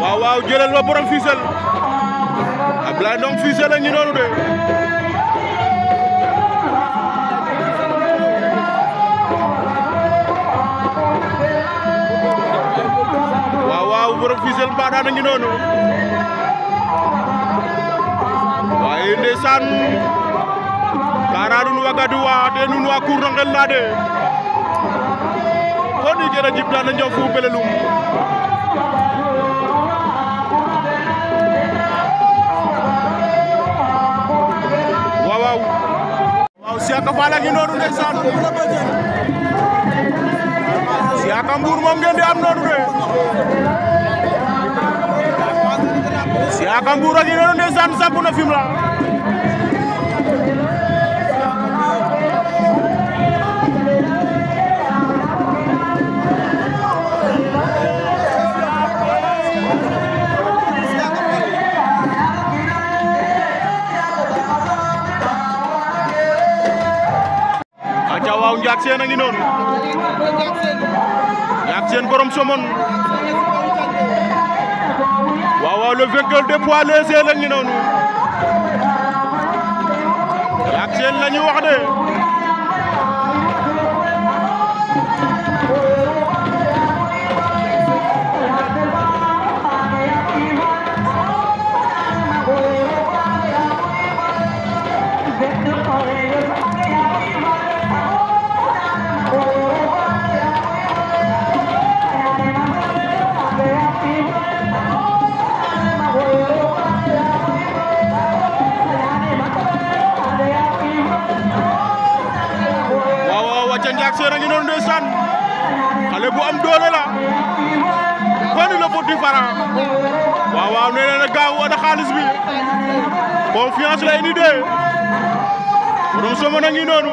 waaw waaw jëlal ba borom Fissel Ablaye Ndong Fissel a ngi de waaw waaw borom Fissel mbaadaan a ngi noonu waaye ndeysaan kaara nun wagaduwa de nun wa kuur ngel na de ko ni belelum Siaka Fall a ngi noonu ndeysaan Siaka Mbour moom am noonu de Siaka Mbour a ngi noonu ndeysaan sampu na Fimela ca waaw Ndiak Sène a ngi noonu Ndiak Sène borom somon waaw waaw le vainqueur des poids légers la ngi noonu réaction nañu noonu ndeysaan xale bu am doole la bani la pour différent waaw nee na gaaw ana xaalis bi confiance lay ni dee roso mo nangi noonu